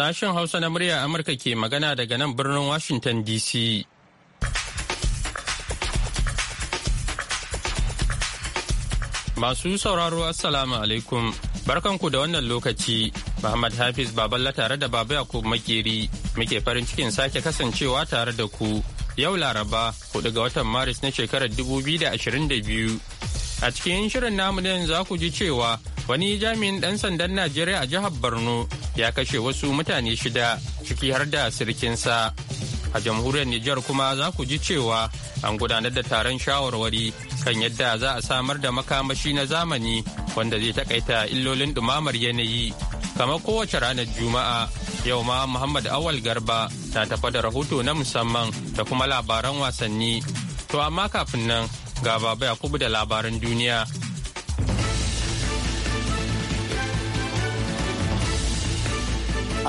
Sashen Hausa na murya Amurka ke magana daga nan birnin Washington DC. Masu sauraro Assalamu alaikum, barkanku da wannan lokaci, Muhammad Hafiz Baballa tare da Baba Yakub Makeri muke farin cikin sake kasancewa tare da ku yau Laraba huɗu ga watan Maris na shekarar 2022. A cikin shirin namu za ku ji cewa wani jami'in ɗan sandan Najeriya a jihar Borno ya kashe wasu mutane shida ciki har da sirkinsa a jamhuriyar Nijar kuma za ku ji cewa an gudanar da taron shawarwari kan yadda za a samar da makamashi na zamani wanda zai takaita illolin ɗumamar yanayi kamar kowace ranar juma'a yau ma muhammad awal garba na tafa da rahoto na musamman da kuma labaran wasanni to amma kafin nan ga baba yakubu da labaran duniya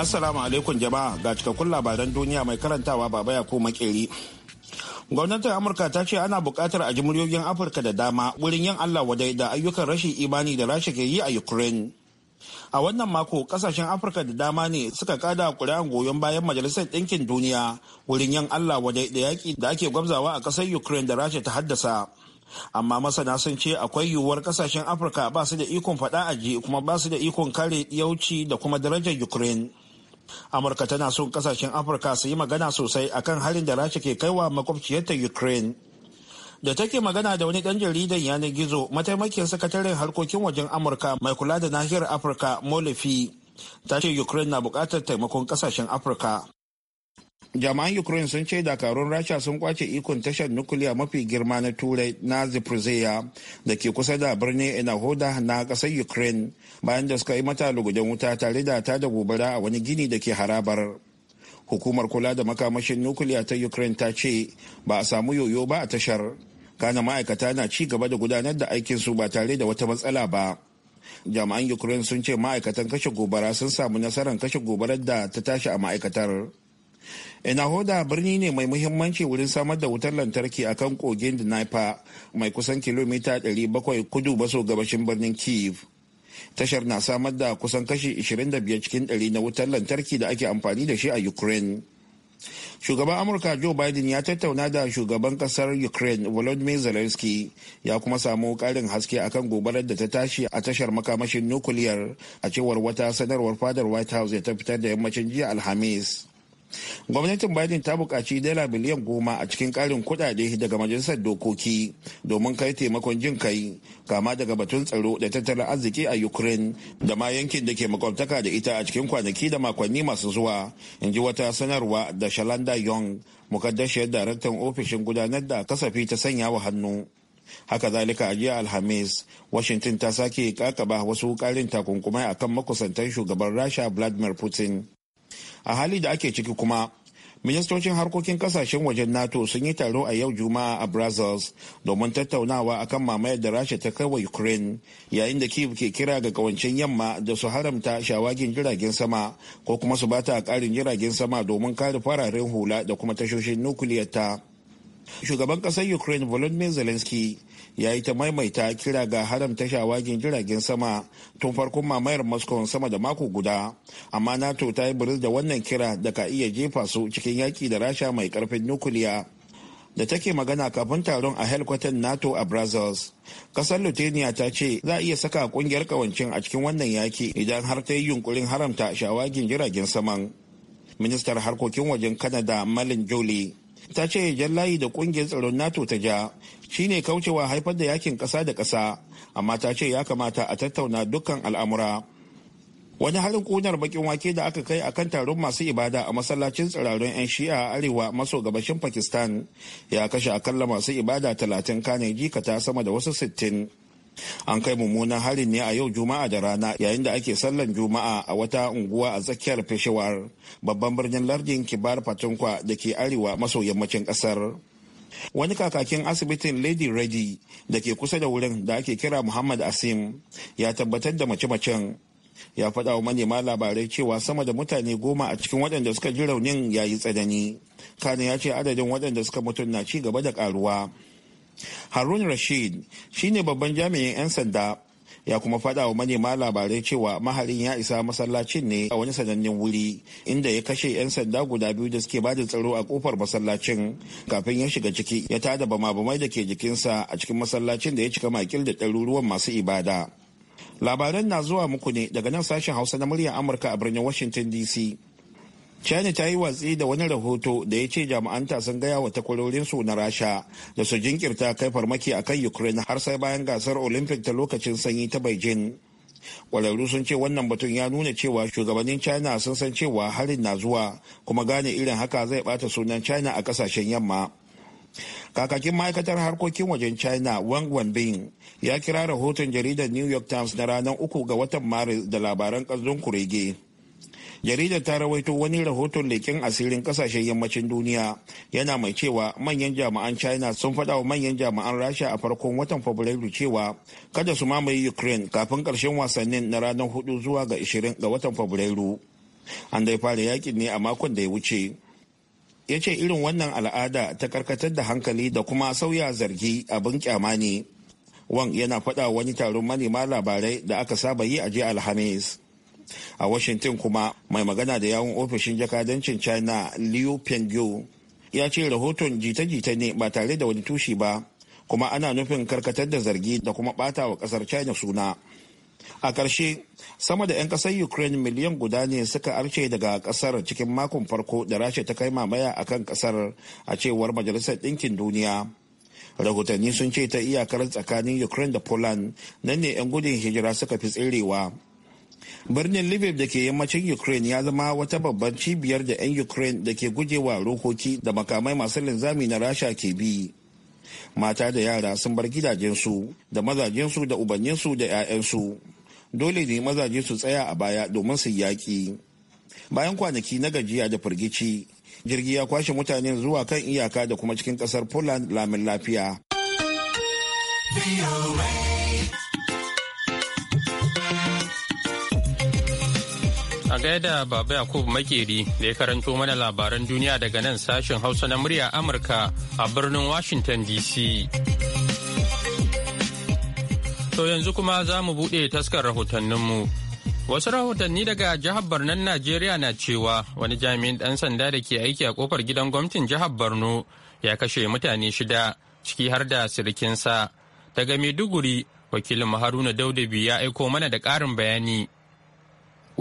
Assalamu alaikum jama'a ga cikakkun labaran duniya mai karantawa baba ya ko makeri. Gwamnatin Amurka ta ce ana buƙatar a ji muryoyin Afirka da dama wurin yin Allah wadai da ayyukan rashin imani da Rasha ke yi a Ukraine. A wannan mako kasashen Afirka da dama ne suka kada ƙuri'an goyon bayan Majalisar Ɗinkin Duniya wurin yin Allah wadai da yaƙi da ake gwamzawa a ƙasar Ukraine da Rasha ta haddasa. amma masana sun ce akwai yiwuwar kasashen afirka ba su da ikon faɗa a ji kuma ba su da ikon kare yauci da kuma darajar ukraine amurka tana son kasashen afirka su yi magana sosai akan halin da rasha ke kaiwa makwabciyarta ukraine da take magana da wani dan jaridan yanar gizo mataimakin sakataren harkokin wajen amurka mai kula da nahiyar afirka molifi ta ce ukraine na bukatar taimakon kasashen afirka jama'an ukraine sun ce dakarun rasha sun kwace ikon tashar nukiliya mafi girma na turai na zaporizhia da ke kusa da birnin inahoda na kasar ukraine bayan da suka yi mata lugudan wuta tare da ta da gobara a wani gini da ke harabar hukumar kula da makamashin nukiliya ta ukraine ta ce ba a samu yoyo ba a tashar kana ma'aikata na ci gaba da gudanar da aikin su ba tare da wata matsala ba jami'an ukraine sun ce ma'aikatan kashe gobara sun samu nasarar kashe gobarar da ta tashi a ma'aikatar Enahoda birni ne mai muhimmanci wurin samar da wutar lantarki a kan kogin Dnipro mai kusan kilomita 700 kudu maso gabashin birnin Kiev. Tashar na samar da kusan kashi 25 cikin 100 na wutar lantarki da ake amfani da shi a Ukraine. Shugaban Amurka Joe Biden ya tattauna da shugaban kasar Ukraine Volodymyr Zelensky ya kuma samu karin haske akan gobarar da ta tashi a tashar makamashin nukuliyar a cewar wata sanarwar fadar White House ya ta fitar da yammacin jiya Alhamis. gwamnatin biden ta bukaci dala biliyan goma a cikin ƙarin kuɗaɗe daga majalisar dokoki domin kai taimakon jin kai kama daga batun tsaro da tattalin arziki a ukraine da ma yankin da ke makwabtaka da ita a cikin kwanaki da makonni masu zuwa in ji wata sanarwa da shalanda young mukaddashiyar daraktan ofishin gudanar da kasafi ta sanya wa hannu haka zalika a jiya alhamis washington ta sake kakaba wasu karin takunkumai akan makusantar shugaban rasha vladimir putin a hali da ake ciki kuma ministocin harkokin kasashen wajen nato sun yi taro a yau juma'a a brussels domin tattaunawa akan mamayar da rasha ta kai wa ukraine yayin da kiev ke kira ga kawancin yamma da su haramta shawagin jiragen sama ko kuma su bata a karin jiragen sama domin kare fararen hula da kuma tashoshin nukuliyar ta shugaban kasar ukraine volodymyr zelensky ya yi ta maimaita kira ga haramta shawagin jiragen sama tun farkon mamayar moscow sama da mako guda amma nato ta yi biris da wannan kira da ka iya jefa su cikin yaki da rasha mai karfin nukuliya da take magana kafin taron a helkwatan nato a brazils kasar lithuania ta ce za a iya saka kungiyar kawancin a cikin wannan yaki idan har ta yi yunkurin haramta shawagin jiragen saman ministar harkokin wajen canada malin jolie ta ce jan layi da kungiyar tsaron nato ta ja shine kaucewa haifar da yakin kasa da kasa amma ta ce ya kamata a tattauna dukkan al'amura wani halin kunar bakin wake da aka kai akan taron masu ibada a masallacin tsirarun 'yan shi'a a arewa maso gabashin pakistan ya kashe akalla masu ibada talatin kane jikata sama da wasu sittin An kai mummunan harin ne a yau Juma'a da rana yayin da ake sallan Juma'a a wata unguwa a tsakiyar Peshawar, babban birnin lardin Kibar fatankwa da ke arewa maso yammacin kasar. Wani kakakin asibitin Lady Reddy da ke kusa da wurin da ake kira Muhammad Asim ya tabbatar da mace-macen. Ya faɗa wa manema labarai cewa sama da mutane goma a cikin waɗanda suka ji raunin yayi tsanani. Kane ya ce adadin waɗanda suka mutu na ci gaba da ƙaruwa. harun rashid ne babban jami'in 'yan sanda ya kuma faɗa wa manema labarai cewa maharin ya isa masallacin ne a wani sanannen wuri inda ya kashe 'yan sanda guda biyu da suke bada tsaro a kofar masallacin kafin ya shiga ciki ya tada bama-bamai da ke jikinsa a cikin masallacin da ya cika makil da ɗaruruwan masu ibada labaran na zuwa muku ne daga nan sashen hausa na muryar amurka a birnin washington dc china ta yi watsi da wani rahoto da ya ce jami'anta sun gaya wa takwarorinsu na rasha da su jinkirta kai farmaki a kan ukraine har sai bayan gasar olympic ta lokacin sanyi ta beijing kwararru sun ce wannan batun ya nuna cewa shugabannin china sun san cewa harin na zuwa kuma gane irin haka zai bata sunan china a kasashen yamma kakakin ma'aikatar harkokin wajen china wang wanbin ya kira rahoton jaridar new york times na ranar uku ga watan maris da labaran ƙanzon kurege jaridar ta rawaito wani rahoton leƙen asirin ƙasashen yammacin duniya yana mai cewa manyan jami'an china sun faɗa wa manyan jami'an rasha a farkon watan fabrairu cewa kada su mamaye ukraine kafin ƙarshen wasannin na ranar hudu zuwa ga 20 ga watan fabrairu an dai fara yakin ne a makon da ya wuce ya ce irin wannan al'ada ta karkatar da hankali da kuma sauya zargi abin kyama ne wang yana faɗa wani taron manema labarai da aka saba yi a jiya alhamis a washington kuma mai magana da yawun ofishin jakadancin china liu pengyu ya ce rahoton jita-jita ne ba tare da wani tushe ba kuma ana nufin karkatar da zargi da kuma bata wa kasar china suna a ƙarshe sama da 'yan ƙasar ukraine miliyan guda ne suka arce daga ƙasar cikin makon farko da rasha ta kai mamaya a kan ƙasar a cewar majalisar ɗinkin duniya rahotanni sun ce ta iyakar tsakanin ukraine da poland nan ne 'yan gudun hijira suka fi tserewa birnin lviv da ke yammacin ukraine ya zama wata babban cibiyar da 'yan ukraine da ke gujewa rokoki da makamai masu linzami na rasha ke bi mata da yara sun bar gidajensu da mazajensu da ubanninsu da 'ya'yansu dole ne mazaje su tsaya a baya domin su yaƙi bayan kwanaki na gajiya da firgici jirgi ya kwashe mutane zuwa kan iyaka da kuma cikin kasar poland lamin lafiya A gaida Baba yakub Makeri da ya karanto mana labaran duniya daga nan sashen Hausa na murya Amurka a birnin Washington DC. To yanzu kuma za mu buɗe taskar rahotanninmu. Wasu rahotanni daga jihar Barnan Najeriya na cewa wani jami'in ɗan sanda da ke aiki a kofar gidan gwamnatin jihar barno ya kashe mutane shida ciki har da sirikinsa. Daga Maiduguri, wakilin Haruna Daudabi ya aiko mana da ƙarin bayani.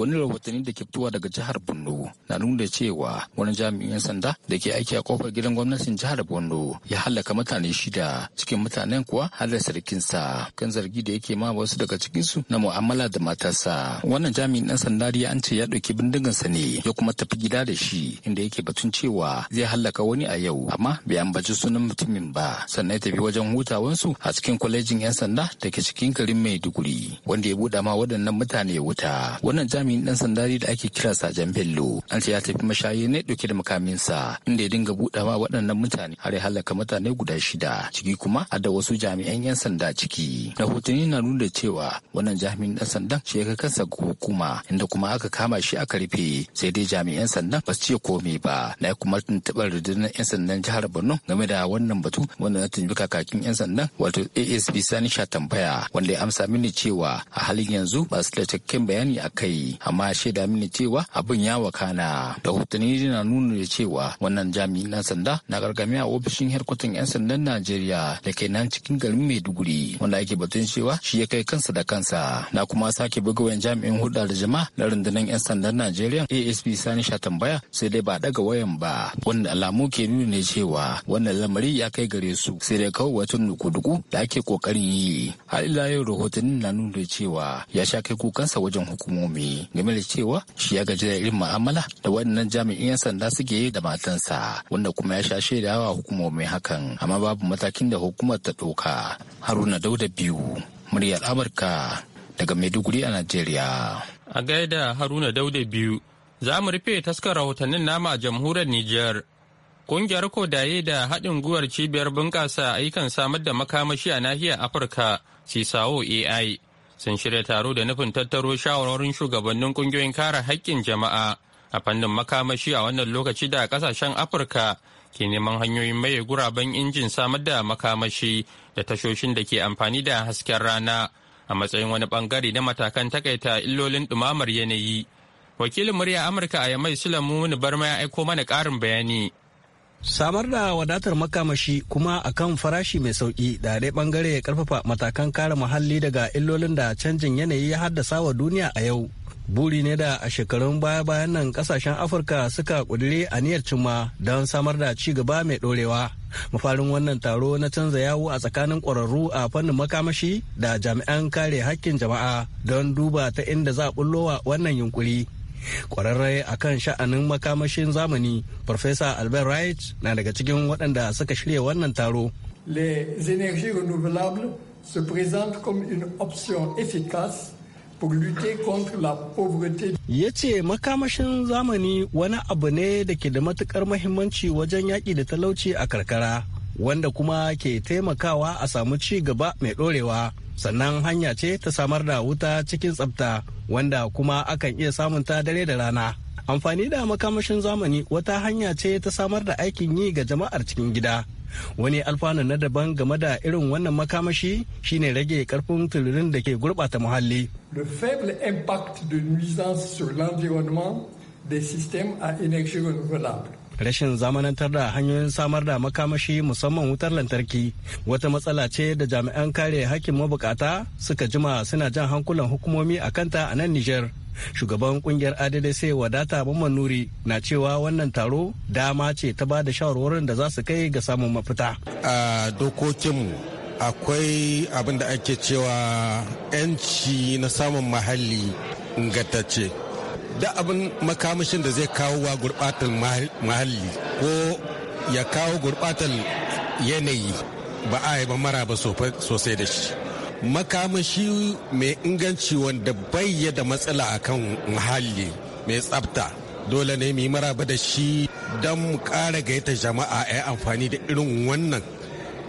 wani rahotanni da ke fitowa daga jihar borno na nuna cewa wani jami'in sanda da ke aiki a kofar gidan gwamnatin jihar borno ya halaka mutane shida cikin mutanen kuwa har da sarkinsa kan zargi da yake ma wasu daga cikinsu na mu'amala da matarsa wannan jami'in ɗan sanda ya an ce ya ɗauki sa ne ya kuma tafi gida da shi inda yake batun cewa zai halaka wani a yau amma bai ambaci sunan mutumin ba sannan ya tafi wajen hutawansu a cikin kwalejin 'yan sanda da ke cikin garin maiduguri wanda ya buɗa ma waɗannan mutane wuta wannan jami'in mukamin dan sandari da ake kira sajan bello an ce ya tafi mashayi ne dauke da makaminsa inda ya dinga budawa waɗannan mutane har ya halaka mutane guda shida ciki kuma a da wasu jami'an yan sanda ciki rahotanni na nuna cewa wannan jami'in dan sandan shi ya kansa ga hukuma inda kuma aka kama shi aka rufe sai dai jami'an sandan ba su ce komai ba na kuma tuntuɓar rundunar yan sandan jihar borno game da wannan batu wanda na tuntuɓi kakakin yan sandan wato asp sani sha tambaya wanda ya amsa mini cewa a halin yanzu ba su da cikakken bayani a kai amma shaida mini cewa abin ya wakana da hotuni na nuna da cewa wannan jami'in na sanda na gargami a ofishin herkutan 'yan sandan najeriya da ke nan cikin garin maiduguri wanda ake batun cewa shi ya kai kansa da kansa na kuma sake buga wayan jami'in hulɗa da jama'a na rundunar 'yan sandan najeriya asp sani sha tambaya sai dai ba daga wayan ba wanda alamu ke nuna ne cewa wannan lamari ya kai gare su sai dai kawai wata nuku-duku da ake kokarin yi har ila yau rahotannin na nuna cewa ya sha kai kukansa wajen hukumomi game da cewa shi ya gaji da irin mu'amala da waɗannan jami'in 'yan sanda suke yi da matansa wanda kuma ya sha shaidawa hukumomi hakan amma babu matakin da hukumar ta ɗauka haruna dauda biyu muryar amurka daga maiduguri a najeriya a gaida haruna dauda biyu za mu rufe taskar rahotannin nama a jamhuriyar niger Kungiyar Kodaye da haɗin gwiwar cibiyar bunƙasa ayyukan samar da makamashi a nahiyar Afirka, Sisawo AI, sun shirya taro da nufin tattaro shawarwarin shugabannin kungiyoyin kare haƙƙin jama'a a fannin makamashi a wannan lokaci da ƙasashen afirka ke neman hanyoyin maye guraben injin samar da makamashi da tashoshin da ke amfani da hasken rana a matsayin wani bangare na matakan takaita illolin ɗumamar yanayi wakilin murya amurka a yamai sulamu barma ya aiko mana ƙarin bayani samar da wadatar makamashi kuma a kan farashi mai sauki da dai bangare ya karfafa matakan kare muhalli daga illolin da canjin yanayi ya haddasa wa duniya a yau buri ne da a shekarun baya-bayan nan kasashen afirka suka kudure aniyar cimma don samar da ci gaba mai dorewa mafarin wannan taro na canza yawo a tsakanin kwararru a fannin makamashi da jami'an kare hakkin jama'a don duba ta inda za a bullowa wannan yunkuri kwararre a kan sha'anin makamashin zamani farfesa albert wright na daga cikin waɗanda suka shirya wannan taro les énergies renouvelables se présentent comme une option efficace pour lutter contre la pauvreté. Ya ce makamashin zamani wani abu ne da ke da matukar mahimmanci wajen yaƙi da talauci a karkara, wanda kuma ke taimakawa a samu ci gaba mai ɗorewa. sannan hanya ce ta samar da wuta cikin tsafta wanda kuma akan iya samun ta dare da rana amfani da makamashin zamani wata hanya ce ta samar da aikin yi ga jama'ar cikin gida wani alfanu na daban game da irin wannan makamashi shine rage karfin tururin da ke gurbata muhalli the faible impact de nuisance sur l'environnement des systèmes à énergie renouvelable rashin zamanantar da hanyoyin samar da makamashi musamman wutar lantarki wata matsala ce da jami'an kare hakkin mabukata suka jima suna jan hankulan hukumomi a kanta a nan Nijar. Shugaban kungiyar adadai wadata Mamman Nuri na cewa wannan taro dama ce ta ba da shawarwarin da za su kai ga samun mafita. A dokokinmu akwai abin da ake cewa 'yanci na samun mahalli ingantacce. da abin makamashin da zai kawo wa gurbatar muhalli ko ya kawo gurbatar yanayi ba a yi mara ba sosai da shi makamashi mai inganci wanda bayya da matsala akan mahalli mai tsabta dole ne mu yi maraba da shi don mu ƙara gaita jama'a a amfani da irin wannan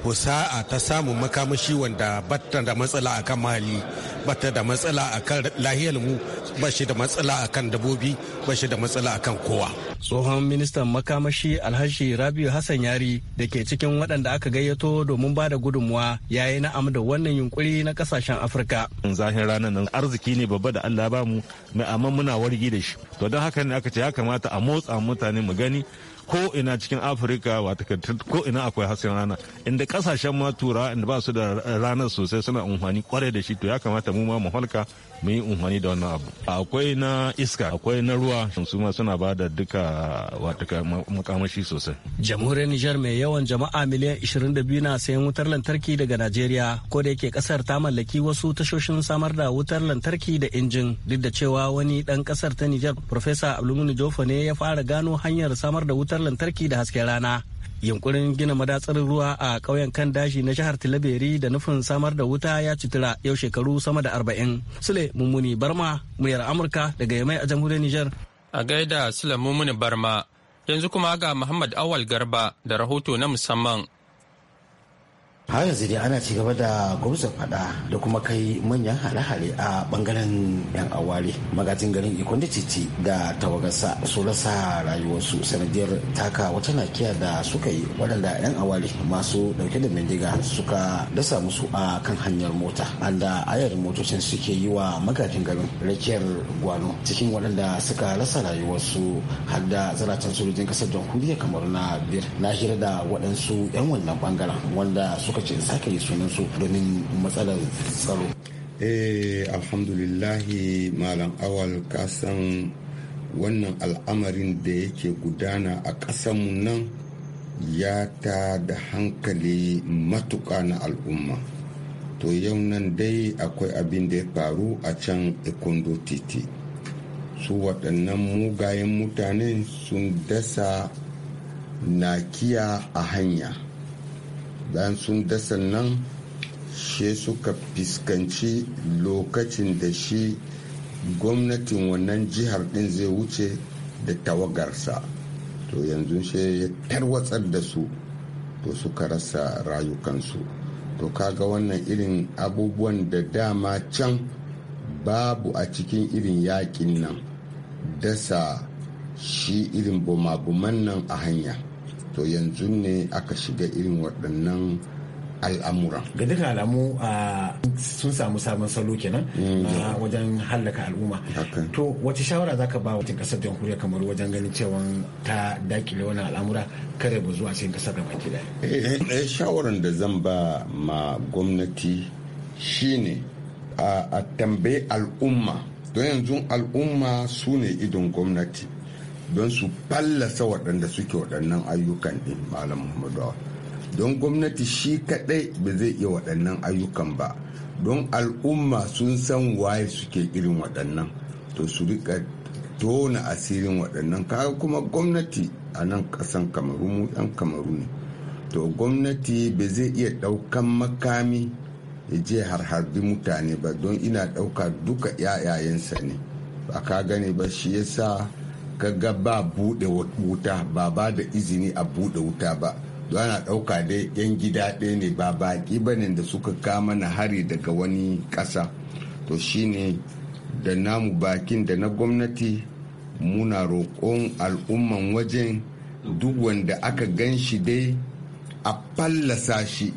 husa'a ta samun makamashi wanda batta da matsala akan mahalli. bata da matsala kan lahiyar mu ba shi da matsala a kan dabobi ba shi da matsala a kan kowa tsohon ministan makamashi alhashi rabiu hassan yari da ke cikin waɗanda aka gayyato domin ba da gudunmuwa ya yi na'am da wannan yunkuri na kasashen afirka zahin ranar nan arziki ne babba da allah ba mu mai amma muna wargi da shi to don haka ne aka ce ya kamata a motsa mutane mu gani ko ina cikin afirka wata ko ina akwai hasken rana inda kasashen ma tura inda ba su da ranar sosai suna amfani kwarai da shi to ya kamata mu ma mu halka mun yi umarni da wannan abu akwai na iska akwai na ruwa su ma suna ba da duka wata makamashi sosai jamhuriyar nijar mai yawan jama'a miliyan 22 na sayan wutar lantarki daga najeriya ko da yake kasar ta mallaki wasu tashoshin samar da wutar lantarki da injin duk da cewa wani dan kasar ta nijar profesa abdulmuni jofa ne ya fara gano hanyar samar da wutar lantarki da hasken rana yunkurin gina madatsar ruwa a ƙauyen kan dashi na jihar tilaberi da nufin samar da wuta ya citira yau shekaru sama da arba'in sule mummuni barma muryar amurka daga yamai a jamhuriyar Nijar. a gaida sule mummuni barma yanzu kuma ga muhammad awal garba da rahoto na musamman har yanzu dai ana ci gaba da gwamza fada da kuma kai manyan hare-hare a bangaren yan aware magajin garin da titi da tawagarsa su rasa rayuwarsu sanadiyar taka wata nakiya da suka yi waɗanda yan aware masu ɗauke da bindiga suka dasa musu a kan hanyar mota anda ayar motocin suke yi wa magajin garin rakiyar gwano cikin waɗanda suka rasa rayuwarsu har da zaratan sojojin ƙasar jamhuriyar kamar na biyar na hira da waɗansu yan wannan bangaren wanda su suka ce sake yi sunan su domin matsalar tsaro eh alhamdulillahi malam awal kasan wannan al'amarin da yake gudana a ƙasanmu nan ya ta da hankali matuƙa na al'umma to yau nan dai akwai abin da ya faru a can ikondo titi su waɗannan mugayen mutane sun dasa nakiya a hanya bayan sun dasa nan she suka fiskanci lokacin da shi gwamnatin wannan jihar din zai wuce da tawagarsa to yanzu she ya tarwatsar da su to suka rasa rayukansu to kaga wannan irin abubuwan da dama can babu a cikin irin yakin nan dasa shi irin bumabuman nan a hanya to yanzu ne aka shiga irin waɗannan al'amuran ga duka alamu sun samu sabon salo kenan na mm, wajen hallaka al'umma to wace shawara zaka ba wa kasar jamhuriyar kamar wajen ganin cewa ta dakile wannan al'amura kare ba zuwa cikin kasar da baki daya eh, eh, eh, shawaran da zan ba ma gwamnati shine a tambayi al'umma don yanzu al'umma su ne idon gwamnati don su fallasa waɗanda suke waɗannan ayyukan ɗin malam muhammadu don gwamnati shi kaɗai ba zai iya waɗannan ayyukan ba don al'umma sun san waye suke irin waɗannan to su rika tona asirin waɗannan kaga kuma gwamnati a nan ƙasan kamaru mu ɗan kamaru ne to gwamnati ba zai iya ɗaukan makami ya je harharbi mutane ba don ina ɗauka duka yayayensa ne ba ka gane ba shi yasa ka ga ba buɗe wuta ba ba da izini a buɗe wuta ba ana ɗauka dai yan gida ɗaya ne ba baƙi ba ne da suka kama na hari daga wani ƙasa to shine da namu bakin da na gwamnati muna roƙon al'umman wajen duk wanda aka gan shi dai a fallasa shi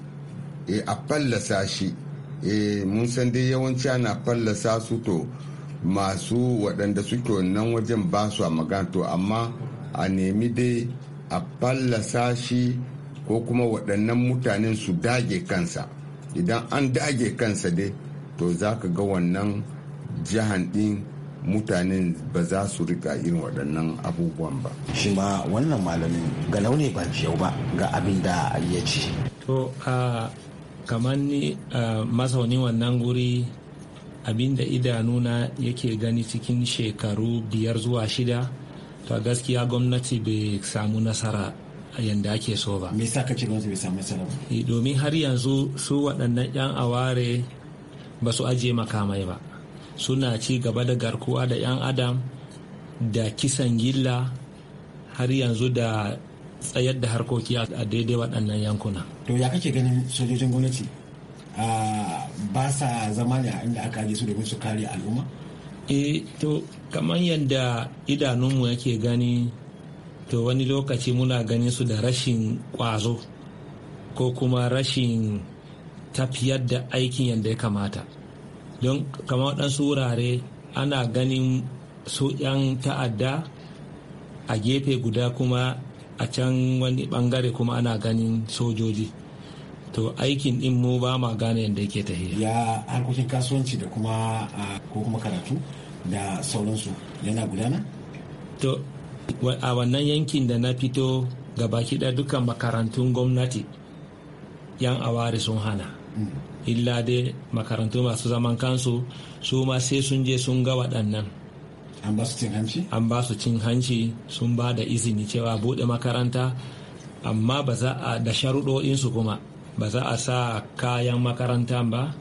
eh, a fallasa shi eh, mun san dai yawanci ana fallasa su to masu waɗanda suke wannan wajen ba su a maganto amma a nemi dai a fallasa shi ko kuma waɗannan mutanen su dage kansa idan an dage kansa dai to za ka ga wannan jihan ɗin mutanen ba za su rika irin waɗannan abubuwan ba. Shi ma wannan malamin ga launi ba yau ba ga abin da ya ce. To, kamar ni masaunin wannan guri abinda idanuna yake gani cikin shekaru biyar zuwa shida to gaskiya gwamnati bai samu nasara yadda ake so ba. Me yasa kace gwamnati bai samu nasara ba? Eh, domin har yanzu su waɗannan 'yan aware ba su ajiye makamai ba. Suna ci gaba da garkuwa da 'yan adam da kisan gilla har yanzu da tsayar da harkoki a daidai waɗannan yankuna. To ya kake ganin sojojin gwamnati? ba sa zama ne a inda aka aje su domin su kare al'umma? e to kamar yadda idanunmu yake gani to wani lokaci muna ganin su da rashin kwazo ko kuma rashin tafiyar da aikin yadda ya kamata don kamar waɗansu wurare ana ganin su 'yan ta'adda a gefe guda kuma a can wani bangare kuma ana ganin sojoji to aikin din mu ba ma gane yadda yake tafiya ya harkokin kasuwanci da kuma ko kuma karatu da sauransu yana gudana to a wannan yankin da na fito gabaki da dukkan makarantun gwamnati yan awari sun hana mm. illa dai makarantu masu zaman kansu su ma sai sun je sun ga waɗannan an ba su cin hanci an ba su cin hanci sun ba da izini cewa buɗe makaranta amma ba za a da sharuɗo'insu kuma ba za a sa kayan makaranta ba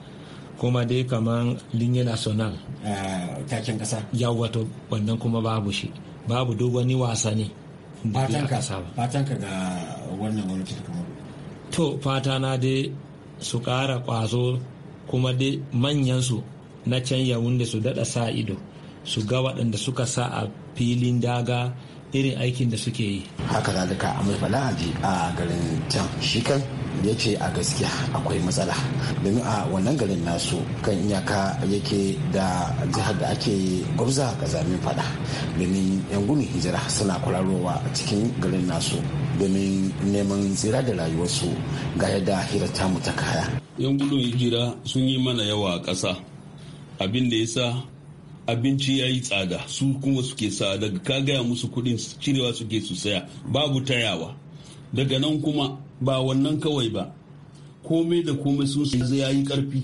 kuma dai kamar linye national ah, takin kasa yawa to wannan kuma babu shi babu duk wani wasa ne fatan ka ga wannan wani kamar to fata na dai su kara kwazo kuma dai su na canya wanda su dada sa ido su ga waɗanda suka sa a filin daga irin aikin da suke yi haka zalika mai fala'adi a garin can shi kan ya ce a gaskiya akwai matsala domin a wannan garin nasu kan iyaka yake da jihar da ake gwabza zamin fada domin yan gudun hijira suna kwararowa cikin garin nasu domin neman tsira da rayuwarsu ga yadda hira mu ta kaya yan gudun hijira sun yi mana yawa a ƙasa abin da ya sa abinci ya yi tsada su kuma suke sa daga ka gaya musu kuɗin cirewa suke su saya babu tayawa daga nan kuma ba wannan kawai ba komai da komai sun sai ya yi ƙarfi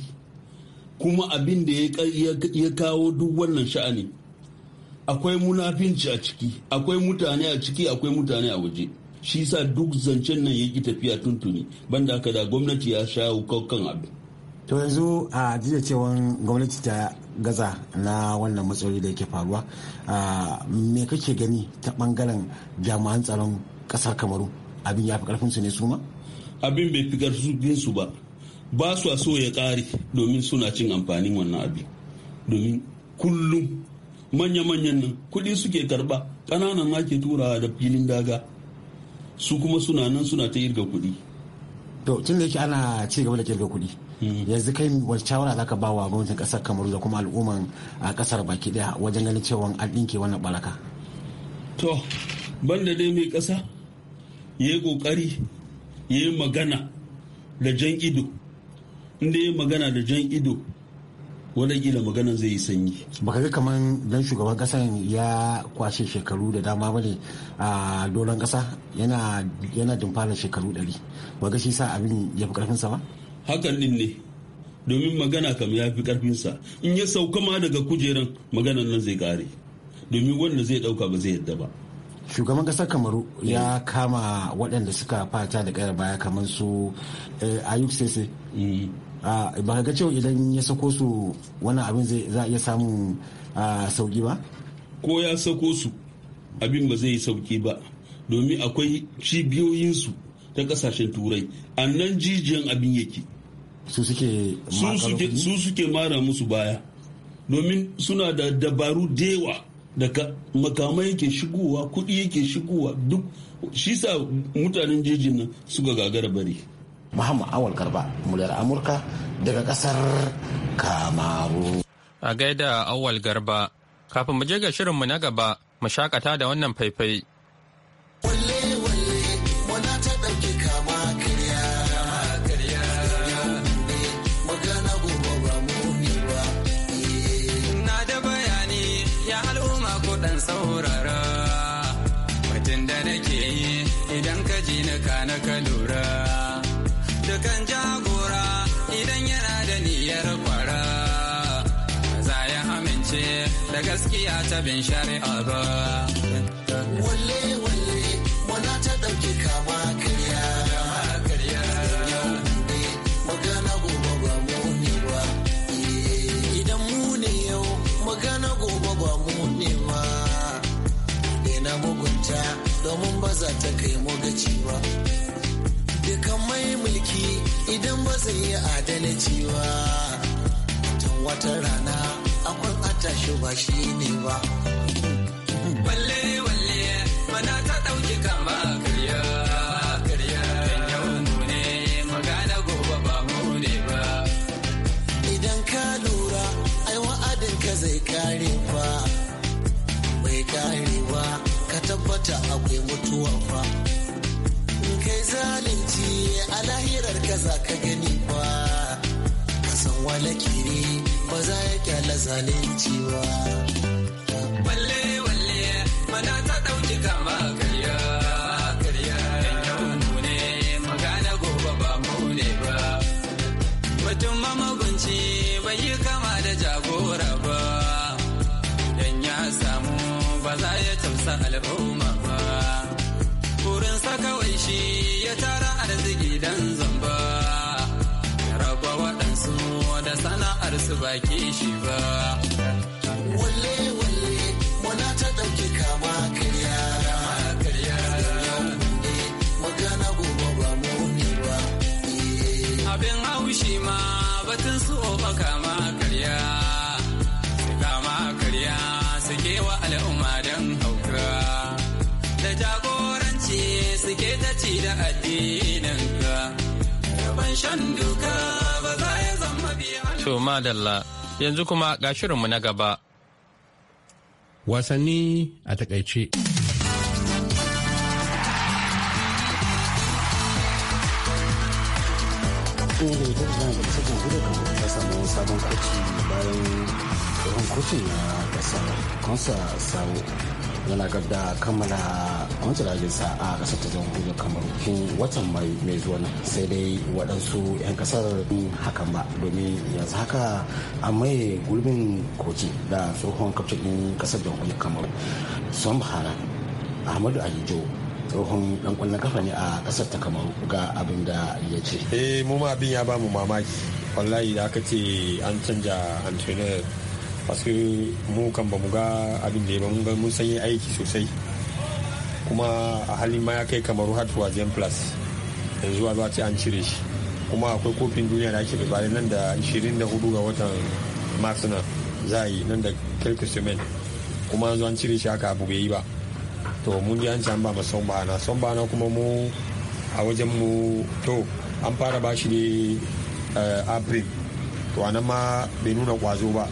kuma abin da ya kawo duk wannan sha'ani akwai munafinci a ciki akwai mutane a ciki akwai mutane a waje shi sa duk zancen nan ya ki tafiya tuntuni banda haka da gwamnati ya sha kan abin to yanzu a jiya cewan gwamnati ta gaza na wannan matsaloli da yake faruwa me kake gani ta bangaren jami'an tsaron kasar kamaru abin ya fi karfin su ne su ma abin bai fi karfin su ba ba su a so ya kare domin suna cin amfanin wannan abin domin kullum manya-manyan nan kuɗi suke karba ƙananan ake turawa da filin daga su kuma suna nan suna ta irga kuɗi to tun da yake ana ci gaba da kirga kuɗi Eh. yanzu kai wani shawara zaka ba wa gwamnatin kasar kamaru da kuma al'umman a kasar baki daya wajen ganin cewa an dinke wannan baraka to banda dai mai kasa ya yi kokari ya yi magana da jan ido inda ya yi magana da jan ido wadakila magana zai yi sanyi baka ga kamar dan shugaban kasan ya kwashe shekaru da dama ba ne a doron kasa yana yana dumfana shekaru ɗari ba ga shi sa abin ya fi karfinsa ba hakan din ne domin magana kam ya fi karfinsa in ya sauka ma daga kujeran maganan nan zai kare domin wanda zai dauka ba zai yadda ba shugaban kasar kamaru ya eh. kama waɗanda suka fata da ƙayar baya kamar su eh, ayuk sese eh. ba ga cewa idan ya sako su wani abin za a iya samun sauki ba ko ya sako su abin ba zai yi sauki ba domin akwai cibiyoyinsu ta kasashen turai a nan jijiyan abin yake su suke mara musu baya domin suna da dabaru dewa da makamai yake shigowa kuɗi yake shigowa duk shi sa mutanen jejin nan suka gagara bari muhammad awal garba muryar amurka daga ƙasar kamaru a gaida awal garba kafin mu je ga shirinmu na gaba mu shakata da wannan faifai ka lura jagora idan yana da niyyar kwara za ya amince da gaskiya ta bin shari'a ba walle walle wana ta dauki kama karya eh, magana gobe ba mu ne ba ina mugunta domin ba za ta kai mu gaci ba dukan mai mulki idan ba zai yi adalci ba tun wata rana akwai atashi ba shi ne ba balle balle mana ta ɗauki ba. shi ya tara arziki dan zamba ya raba waɗansu da sana'ar su baki shi ba shan duka ba za ya zama biya. To madalla yanzu kuma ga shirinmu na gaba. Wasanni a takaice. sabon koci bayan tsohon kocin na kasar kansa sawo yana gab da kammala sa a kasar ta jamhuriyar kamaru tun watan mai mai zuwa nan sai dai waɗansu 'yan kasar hakan ba domin yanzu haka a mai gurbin koci da tsohon kaftin kasar jamhuriyar kamaru son bahara ahmadu ayijo tsohon dan kwallon kafa ne a kasar ta kamaru ga abin da ya ce eh mu ma abin ya bamu mamaki wallahi da aka ce an canja antrenor paske mu kan ba mu ga abin da ya ba mun ga mun aiki sosai kuma a halin ma ya kai kamar hard to azian plus yanzu a ce an cire shi kuma akwai kofin duniya da ake bayan nan da 24 ga watan mars na za a yi nan da cement kuma yanzu an cire shi haka abu bai yi ba to mun ji an ci an ba ma son bana son bana kuma mu a wajen mu to an fara bashi ne eh, april to anan ma bai nuna kwazo ba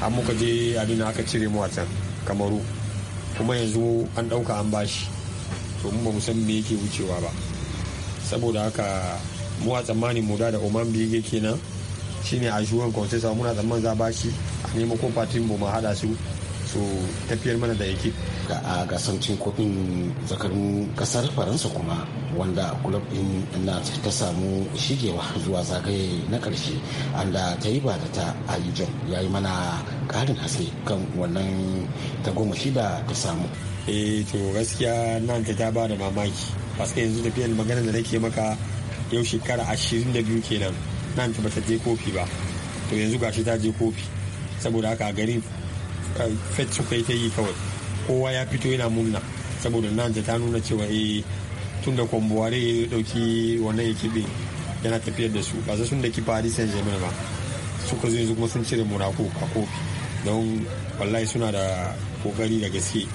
an muka je adina aka cire mu a can kamaru kuma yanzu an ɗauka an bashi to mu ba mu san me yake wucewa ba saboda haka mu a tsammanin mu da da oman bege kenan shine a shugan kwanse muna tsammanin za bashi a nemo ko fatin mu ma hada su su tafiyar mana da ekip ga a gasar cin kofin zakarun kasar faransa kuma wanda kulab din na ta samu shigewa zuwa zagaye na karshe anda ta yi ba da ta alijan ya yi mana karin haske kan wannan ta goma shida ta samu eh to gaskiya nan ta ba da mamaki paske yanzu da tafiyar magana da nake maka yau shekara ashirin da biyu kenan nan ta bata je kofi ba to yanzu gashi ta je kofi saboda haka a garin fet suka yi ta yi kawai kowa ya fito yana murna saboda nan ta nuna cewa eh tun da kwambuware ya dauki wannan ekibe yana tafiyar da su ba su sun da ki Paris saint germain ba suka zo kuma sun cire monaco a kofi don wallahi suna da kokari da gaske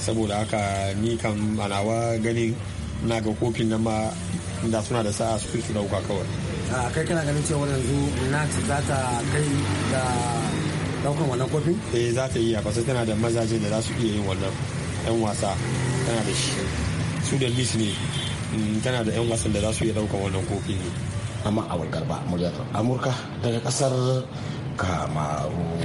saboda haka ni kan anawa ganin na ga kofin nan ma da suna da sa'a su su dauka kawai kai kana ganin cewa yanzu nati za ta kai da daukan wannan kofin eh za ta iya kwasa tana da mazaje da za su iya yin wannan yan wasa tana da shi su da lis ne mm, tana da yan wasan da za su iya daukan wannan kofi ne amma a garba ba amurka daga kasar kamaru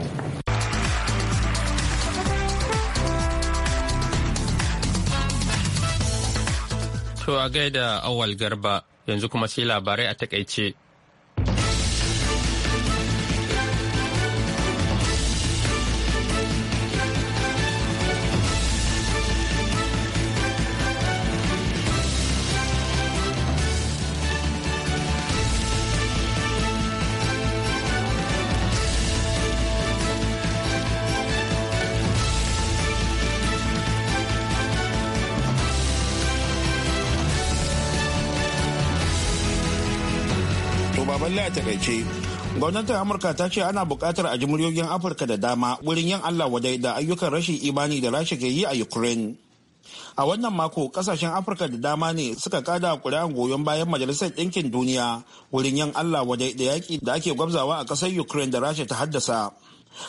To a gaida awal garba yanzu kuma sai labarai a takaice. baballe a takaice gwamnatin amurka ta ce ana bukatar a ji afirka da dama wurin yin allah wadai da ayyukan rashin imani da rasha ke yi a ukraine a wannan mako kasashen afirka da dama ne suka kada kuri'an goyon bayan majalisar ɗinkin duniya wurin yin allah wadai da yaƙi da ake gwamzawa a ƙasar ukraine da rasha ta haddasa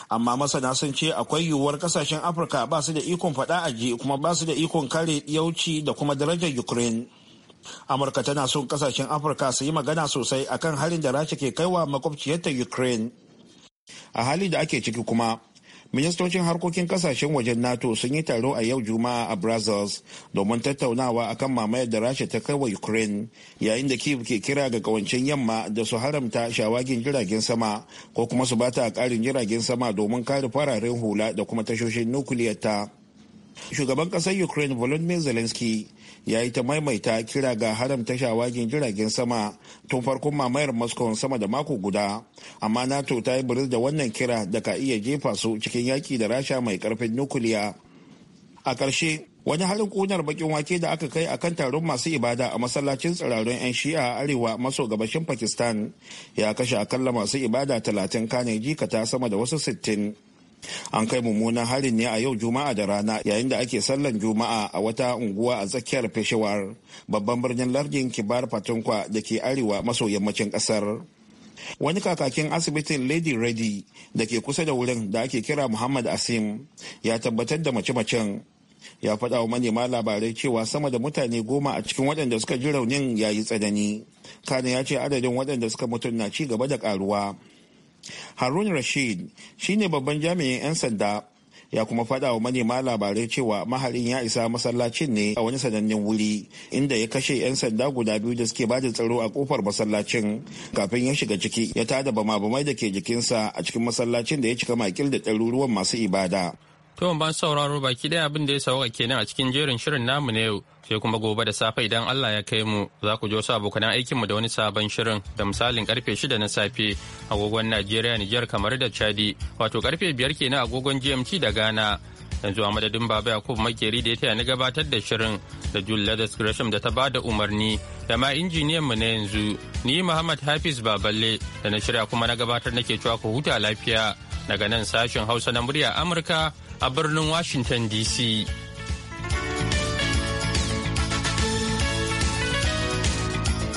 amma masana sun ce akwai yiwuwar kasashen afirka ba su da ikon faɗa aji kuma ba su da ikon kare yauci da kuma darajar ukraine amurka tana son kasashen afirka su yi magana sosai akan halin da rasha ke kaiwa makwabciyarta ukraine a halin da ake ciki kuma ministocin harkokin kasashen wajen nato sun yi taro a yau juma'a a brazils domin tattaunawa akan mamayar da rasha ta kai wa ukraine yayin da kiev ke kira ga kawancen yamma da su haramta shawagin jiragen sama ko kuma su bata a karin jiragen sama domin kare fararen hula da kuma tashoshin nukuliyar shugaban kasar ukraine volodymyr zelensky ya yi ta maimaita kira ga haramta shawagin jiragen sama tun farkon mamayar moscow sama da mako guda amma nato ta yi biris da wannan kira da ka iya jefa su cikin yaki da rasha mai karfin nukuliya a ƙarshe wani harin ƙunar bakin wake da aka kai akan taron masu ibada a masallacin tsirarun 'yan shi'a a arewa maso gabashin pakistan ya kashe akalla masu ibada talatin kane jikata sama da wasu sittin. an kai mummunan harin ne a yau juma'a da rana yayin da ake sallan juma'a a wata unguwa a tsakiyar peshawar babban birnin lardin kibar fatankwa da ke arewa maso yammacin kasar wani kakakin asibitin lady ready da ke kusa da wurin da ake kira muhammad asim ya tabbatar da mace-macen ya faɗa wa manema labarai cewa sama da mutane goma a cikin waɗanda suka ji raunin yayi tsanani kane ya ce adadin waɗanda suka mutu na ci gaba da ƙaruwa harun rashid shine babban jami'in 'yan sanda ya kuma faɗa wa manema labarai cewa maharin ya isa masallacin ne a wani sanannen wuri inda ya kashe 'yan sanda guda biyu da suke bada tsaro a kofar masallacin kafin ya shiga ciki ya tada bama-bamai da ke jikinsa a cikin masallacin da ya cika makil da ɗaruruwan masu ibada To ban sauraro baki ɗaya abin da ya sauka kenan a cikin jerin shirin namu na yau sai kuma gobe da safe idan Allah ya kai mu za ku ji wasu abokan aikin mu da wani sabon shirin da misalin karfe shida na safe agogon Najeriya Nijar kamar da Chadi wato karfe biyar kenan agogon GMT da Ghana yanzu a madadin Baba Yakubu Makeri da ya taya ni gabatar da shirin da Julia Discretion da ta ba da umarni da ma injiniyan mu na yanzu ni Muhammad Hafiz Baballe da na shirya kuma na gabatar nake cewa ku huta lafiya daga nan sashen Hausa na murya Amurka a birnin Washington DC.